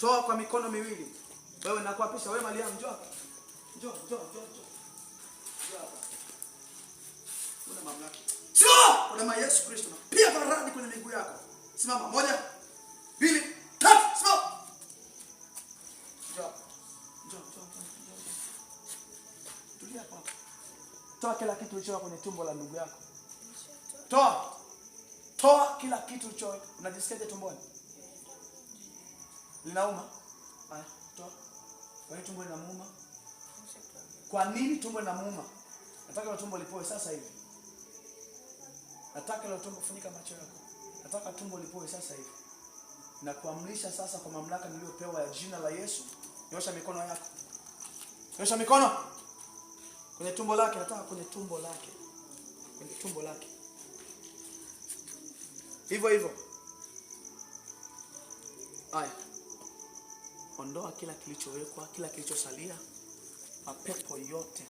toa kwa mikono miwili. Wewe nakuapisha wewe, Mariamu, njoo hapa, njoo, njoo, njoo, njoo hapa. Una mamlaka, njoo kwa damu Yesu Kristo, pia baradi kwenye miguu yako. Simama, moja, mbili, Toa kila kitu ulichoweka kwenye tumbo la ndugu yako, toa, toa kila kitu ulichoweka. unajisikia tumboni? Linauma? Haya, toa. Kwa nini tumbo linamuuma? Kwa nini tumbo linamuuma? Nataka tumbo lipoe sasa hivi. Nataka ile tumbo funika macho yako. Nataka tumbo lipoe sasa hivi. Na kuamrisha sasa kwa mamlaka niliyopewa ya jina la Yesu, nyosha mikono yako. Nyosha mikono. Kwenye tumbo lake, nataka kwenye tumbo lake. Kwenye tumbo lake. Hivyo hivyo. Aya. Ondoa kila kilichowekwa, kila kilichosalia, mapepo yote